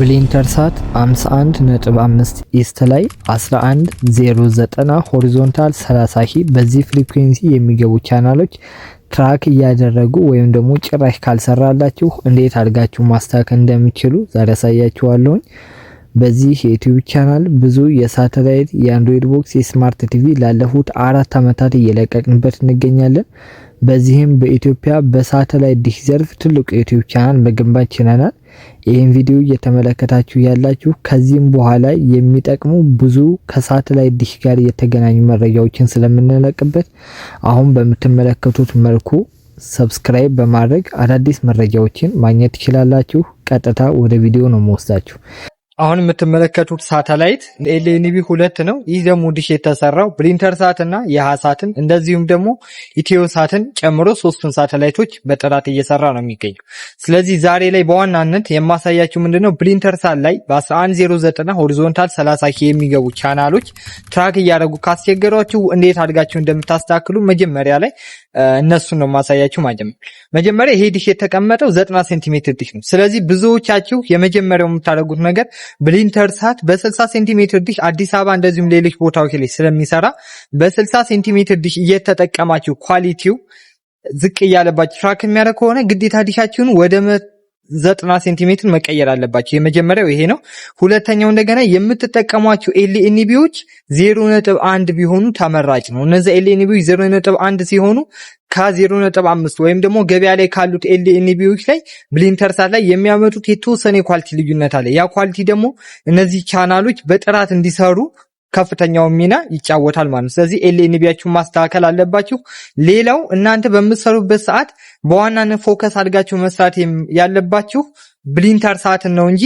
ብሊንተር ሳት 51.5 ኢስት ላይ 11.090 ሆሪዞንታል 30 ሂ በዚህ ፍሪኩዌንሲ የሚገቡ ቻናሎች ትራክ እያደረጉ ወይም ደግሞ ጭራሽ ካልሰራላችሁ እንዴት አድርጋችሁ ማስታከ እንደሚችሉ ዛሬ ያሳያችኋለሁኝ። በዚህ የዩቲዩብ ቻናል ብዙ የሳተላይት የአንድሮይድ ቦክስ የስማርት ቲቪ ላለፉት አራት ዓመታት እየለቀቅንበት እንገኛለን። በዚህም በኢትዮጵያ በሳተላይት ዲሽ ዘርፍ ትልቁ የዩቲዩብ ቻናል መገንባት ችለናል። ይህን ቪዲዮ እየተመለከታችሁ ያላችሁ ከዚህም በኋላ የሚጠቅሙ ብዙ ከሳተላይት ዲሽ ጋር የተገናኙ መረጃዎችን ስለምንለቅበት አሁን በምትመለከቱት መልኩ ሰብስክራይብ በማድረግ አዳዲስ መረጃዎችን ማግኘት ትችላላችሁ። ቀጥታ ወደ ቪዲዮ ነው መወስዳችሁ። አሁን የምትመለከቱት ሳተላይት ኤልኤንቢ ሁለት ነው። ይህ ደግሞ ዲሽ የተሰራው ብሊንተር ሳትና የሃሳትን እንደዚሁም ደግሞ ኢትዮ ሳትን ጨምሮ ሶስቱን ሳተላይቶች በጥራት እየሰራ ነው የሚገኙ። ስለዚህ ዛሬ ላይ በዋናነት የማሳያችሁ ምንድነው ብሊንተር ሳት ላይ በ1109 ሆሪዞንታል 30 ኪ የሚገቡ ቻናሎች ትራክ እያደረጉ ካስቸገሯችሁ እንዴት አድጋችሁ እንደምታስተካክሉ መጀመሪያ ላይ እነሱን ነው ማሳያችሁ። መጀመሪያ ይሄ ዲሽ የተቀመጠው 90 ሴንቲሜትር ዲሽ ነው። ስለዚህ ብዙዎቻችሁ የመጀመሪያው የምታደርጉት ነገር ብሊንተርሳት በ60 ሴንቲሜትር ዲሽ አዲስ አበባ እንደዚሁም ሌሎች ቦታዎች ላይ ስለሚሰራ በ60 ሴንቲሜትር ዲሽ እየተጠቀማችሁ ኳሊቲው ዝቅ እያለባችሁ ትራክ የሚያደርግ ከሆነ ግዴታ ዲሻችሁን ወደ ዘጠና ሴንቲሜትር መቀየር አለባቸው። የመጀመሪያው ይሄ ነው። ሁለተኛው እንደገና የምትጠቀሟቸው ኤልኤንቢዎች ዜሮ ነጥብ አንድ ቢሆኑ ተመራጭ ነው። እነዚያ ኤልኤንቢዎች ዜሮ ነጥብ አንድ ሲሆኑ ከዜሮ ነጥብ አምስት ወይም ደግሞ ገበያ ላይ ካሉት ኤልኤንቢዎች ላይ ብሊንተርሳት ላይ የሚያመጡት የተወሰነ የኳሊቲ ልዩነት አለ። ያ ኳሊቲ ደግሞ እነዚህ ቻናሎች በጥራት እንዲሰሩ ከፍተኛው ሚና ይጫወታል ማለት ነው። ስለዚህ ኤልኤንቢያችሁን ማስተካከል አለባችሁ። ሌላው እናንተ በምትሰሩበት ሰዓት በዋናነት ፎከስ አድርጋችሁ መስራት ያለባችሁ ብሊንተር ሰዓትን ነው እንጂ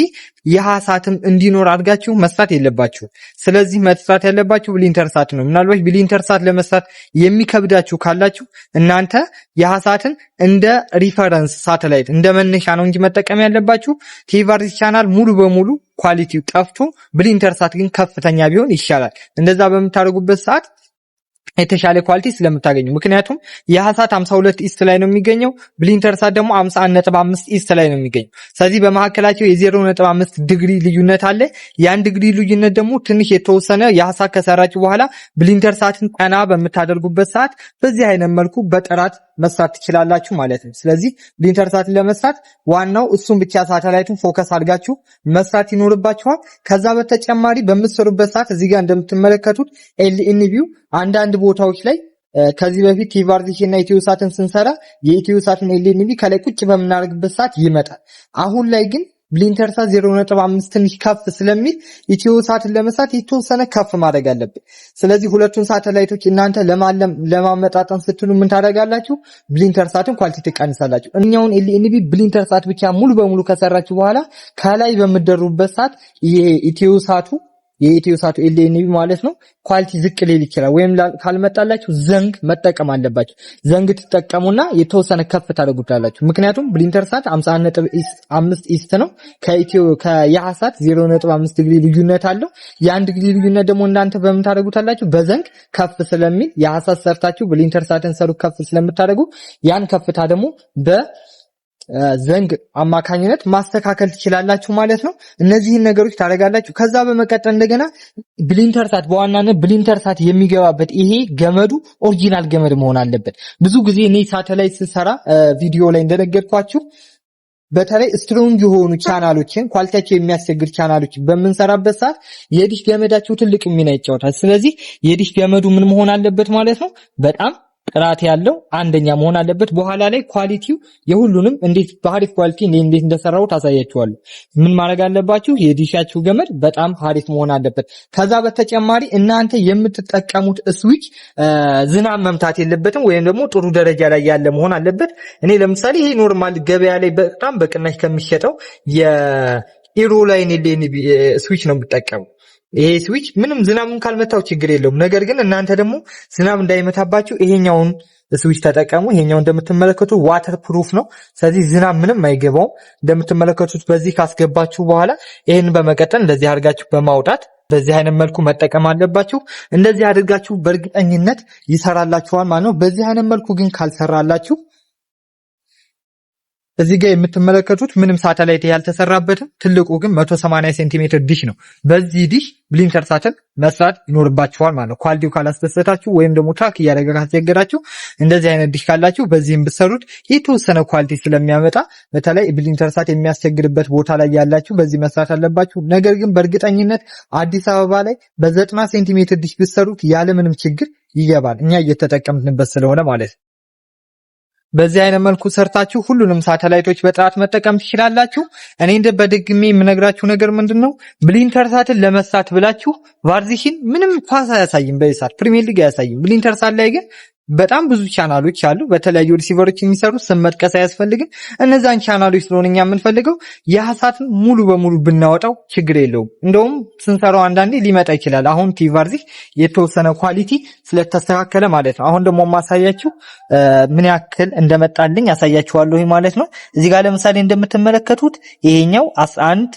የሃ ሰዓትም እንዲኖር አድርጋችሁ መስራት የለባችሁ። ስለዚህ መስራት ያለባችሁ ብሊንተር ሰዓት ነው። ምናልባት ብሊንተር ሰዓት ለመስራት የሚከብዳችሁ ካላችሁ እናንተ የሃ ሰዓትን እንደ ሪፈረንስ ሳተላይት እንደ መነሻ ነው እንጂ መጠቀም ያለባችሁ። ቲቫርስ ቻናል ሙሉ በሙሉ ኳሊቲው ጠፍቶ ብሊንተር ሰዓት ግን ከፍተኛ ቢሆን ይሻላል። እንደዛ በምታደርጉበት ሰዓት የተሻለ ኳሊቲ ስለምታገኙ ምክንያቱም የሀሳት 52 ኢስት ላይ ነው የሚገኘው። ብሊንተርሳት ደግሞ 51.5 ኢስት ላይ ነው የሚገኘው። ስለዚህ በመካከላቸው የ0.5 ዲግሪ ልዩነት አለ። ያን ዲግሪ ልዩነት ደግሞ ትንሽ የተወሰነ የሀሳት ከሰራችሁ በኋላ ብሊንተርሳትን ቀና በምታደርጉበት ሰዓት በዚህ አይነት መልኩ በጥራት መስራት ትችላላችሁ ማለት ነው። ስለዚህ ብሊንተርሳትን ለመስራት ዋናው እሱን ብቻ ሳተላይቱን ፎከስ አድርጋችሁ መስራት ይኖርባችኋል። ከዛ በተጨማሪ በምትሰሩበት ሰዓት እዚህ ጋር እንደምትመለከቱት ኤልኢን አንዳንድ ቦታዎች ላይ ከዚህ በፊት ቲቫርዚሽ እና ኢትዮሳትን ስንሰራ የኢትዮሳትን ኤልኤንቢ ከላይ ቁጭ በምናደርግበት ሰዓት ይመጣል። አሁን ላይ ግን ብሊንተርሳ 0.5 ትንሽ ከፍ ስለሚል ኢትዮሳትን ለመስራት የተወሰነ ከፍ ማድረግ አለብን። ስለዚህ ሁለቱን ሳተላይቶች እናንተ ለማለም ለማመጣጠን ስትሉ ምን ታደርጋላችሁ? ብሊንተርሳትን ኳሊቲ ትቀንሳላችሁ። እኛውን ኤልኤንቢ ብሊንተርሳት ብቻ ሙሉ በሙሉ ከሰራችሁ በኋላ ከላይ በምደሩበት ሰዓት ይሄ ኢትዮሳቱ የኢትዮ ሳት ኤልኤንቢ ማለት ነው ኳሊቲ ዝቅ ሊል ይችላል። ወይም ካልመጣላችሁ ዘንግ መጠቀም አለባችሁ። ዘንግ ትጠቀሙና የተወሰነ ከፍ ታደርጉታላችሁ። ምክንያቱም ብሊንተር ሳት 51.5 ኢስት ነው ከኢትዮ ከያሳት 0.5 ዲግሪ ልዩነት አለው። የአንድ ዲግሪ ልዩነት ደግሞ እናንተ በምን ታደርጉታላችሁ? በዘንግ ከፍ ስለሚል የሐሳት ሰርታችሁ ብሊንተር ሳትን ሰሩ ከፍ ስለምታደርጉ ያን ከፍታ ደግሞ በ ዘንግ አማካኝነት ማስተካከል ትችላላችሁ ማለት ነው። እነዚህን ነገሮች ታደርጋላችሁ። ከዛ በመቀጠል እንደገና ብሊንተርሳት በዋናነት ብሊንተርሳት የሚገባበት ይሄ ገመዱ ኦሪጂናል ገመድ መሆን አለበት። ብዙ ጊዜ እኔ ሳተላይት ስሰራ ቪዲዮ ላይ እንደነገርኳችሁ በተለይ ስትሮንግ የሆኑ ቻናሎችን ኳሊቲያቸው የሚያስቸግር ቻናሎችን በምንሰራበት ሰዓት የዲሽ ገመዳቸው ትልቅ ሚና ይጫወታል። ስለዚህ የዲሽ ገመዱ ምን መሆን አለበት ማለት ነው በጣም ጥራት ያለው አንደኛ መሆን አለበት። በኋላ ላይ ኳሊቲው የሁሉንም እንዴት በአሪፍ ኳሊቲ እንዴት እንደሰራው ታሳያችኋለሁ። ምን ማድረግ አለባችሁ? የዲሻችሁ ገመድ በጣም ሀሪፍ መሆን አለበት። ከዛ በተጨማሪ እናንተ የምትጠቀሙት ስዊች ዝናብ መምታት የለበትም፣ ወይም ደግሞ ጥሩ ደረጃ ላይ ያለ መሆን አለበት። እኔ ለምሳሌ ይሄ ኖርማል ገበያ ላይ በጣም በቅናሽ ከሚሸጠው የኢሮላይን ስዊች ነው የምጠቀመው ይሄ ስዊች ምንም ዝናብም ካልመታው ችግር የለውም። ነገር ግን እናንተ ደግሞ ዝናብ እንዳይመታባችሁ ይሄኛውን ስዊች ተጠቀሙ። ይሄኛው እንደምትመለከቱ ዋተር ፕሩፍ ነው። ስለዚህ ዝናብ ምንም አይገባውም። እንደምትመለከቱት በዚህ ካስገባችሁ በኋላ ይህን በመቀጠል እንደዚህ አድርጋችሁ በማውጣት በዚህ አይነት መልኩ መጠቀም አለባችሁ። እንደዚህ አድርጋችሁ በእርግጠኝነት ይሰራላችኋል ማለት ነው። በዚህ አይነት መልኩ ግን ካልሰራላችሁ እዚህ ጋር የምትመለከቱት ምንም ሳተላይት ያልተሰራበትም ትልቁ ግን 180 ሴንቲሜትር ዲሽ ነው። በዚህ ዲሽ ብሊንተር ሳተል መስራት ይኖርባችኋል ማለት ነው። ኳሊቲው ካላስደሰታችሁ ወይም ደግሞ ትራክ እያደረገ ካስቸገራችሁ እንደዚህ አይነት ዲሽ ካላችሁ በዚህም ብትሰሩት የተወሰነ ኳሊቲ ስለሚያመጣ በተለይ ብሊንተር ሳት የሚያስቸግርበት ቦታ ላይ ያላችሁ በዚህ መስራት አለባችሁ። ነገር ግን በእርግጠኝነት አዲስ አበባ ላይ በዘጠና ሴንቲሜትር ዲሽ ብትሰሩት ያለምንም ችግር ይገባል። እኛ እየተጠቀምንበት ስለሆነ ማለት ነው። በዚህ አይነት መልኩ ሰርታችሁ ሁሉንም ሳተላይቶች በጥራት መጠቀም ትችላላችሁ። እኔ እንደ በድግሜ የምነግራችሁ ነገር ምንድን ነው፣ ብሊንተርሳትን ለመሳት ብላችሁ ቫርዚሽን ምንም ኳስ አያሳይም፣ በሳት ፕሪሚየር ሊግ አያሳይም። ብሊንተርሳት ላይ ግን በጣም ብዙ ቻናሎች አሉ፣ በተለያዩ ሪሲቨሮች የሚሰሩ ስም መጥቀስ አያስፈልግም። እነዛን ቻናሎች ስለሆነ እኛ የምንፈልገው የሀሳት ሙሉ በሙሉ ብናወጣው ችግር የለውም። እንደውም ስንሰራው አንዳንዴ ሊመጣ ይችላል። አሁን ቲቫርዚ የተወሰነ ኳሊቲ ስለተስተካከለ ማለት ነው። አሁን ደግሞ ማሳያችሁ ምን ያክል እንደመጣልኝ ያሳያችኋለሁ ማለት ነው። እዚህ ጋር ለምሳሌ እንደምትመለከቱት ይሄኛው 11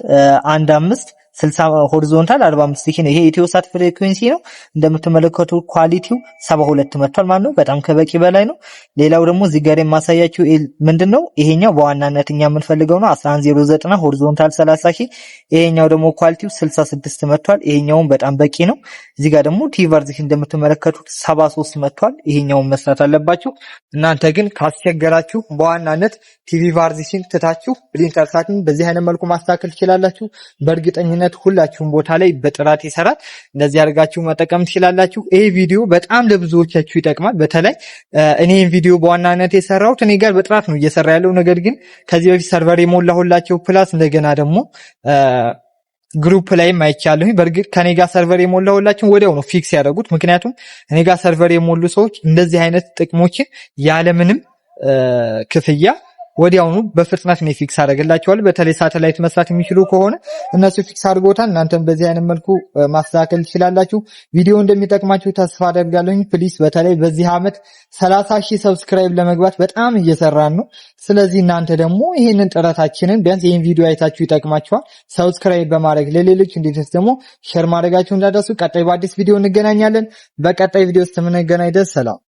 አንድ አምስት 60 ሆሪዞንታል 45 ዲኬ ነው። ይሄ ሳት ፍሪኩዌንሲ ነው። እንደምትመለከቱ ኳሊቲው 72 መጥቷል ማለት ነው። በጣም ከበቂ በላይ ነው። ሌላው ደግሞ እዚህ ጋር የማሳያችሁ ምንድን ነው ይሄኛው በዋናነት እኛ የምንፈልገው ነው 1109 ሆሪዞንታል 30 ሺ። ይሄኛው ደግሞ ኳሊቲው 66 መጥቷል። ይሄኛውም በጣም በቂ ነው። እዚህ ጋር ደግሞ ቲቨርዚሽ እንደምትመለከቱ 73 መጥቷል። ይሄኛውን መስራት አለባችሁ። እናንተ ግን ካስቸገራችሁ በዋናነት ቲቪ ቫርዚሽን ትታችሁ ብሊንተርሳትን በዚህ አይነት መልኩ ማስተካከል ትችላላችሁ በእርግጠኝነት በእውነት ሁላችሁም ቦታ ላይ በጥራት ይሰራል። እንደዚህ አድርጋችሁ መጠቀም ትችላላችሁ። ይሄ ቪዲዮ በጣም ለብዙዎቻችሁ ይጠቅማል። በተለይ እኔህን ቪዲዮ በዋናነት የሰራሁት እኔ ጋር በጥራት ነው እየሰራ ያለው። ነገር ግን ከዚህ በፊት ሰርቨር የሞላሁላቸው ፕላስ እንደገና ደግሞ ግሩፕ ላይም አይቻለሁኝ። በእርግጥ ከኔ ጋር ሰርቨር የሞላሁላችሁ ወዲያው ነው ፊክስ ያደረጉት። ምክንያቱም እኔ ጋር ሰርቨር የሞሉ ሰዎች እንደዚህ አይነት ጥቅሞችን ያለምንም ክፍያ ወዲያውኑ በፍጥነት ነው ፊክስ አደረገላቸዋል። በተለይ ሳተላይት መስራት የሚችሉ ከሆነ እነሱ ፊክስ አድርጎታል። እናንተም በዚህ አይነት መልኩ ማስተካከል ትችላላችሁ። ቪዲዮ እንደሚጠቅማችሁ ተስፋ አደርጋለሁኝ። ፕሊስ በተለይ በዚህ ዓመት ሰላሳ ሺህ ሰብስክራይብ ለመግባት በጣም እየሰራን ነው። ስለዚህ እናንተ ደግሞ ይህንን ጥረታችንን ቢያንስ ይህን ቪዲዮ አይታችሁ ይጠቅማችኋል ሰብስክራይብ በማድረግ ለሌሎች እንዲደርስ ደግሞ ሼር ማድረጋችሁ እንዳደርሱ። ቀጣይ በአዲስ ቪዲዮ እንገናኛለን። በቀጣይ ቪዲዮ ውስጥ የምንገናኝ ደስ ሰላም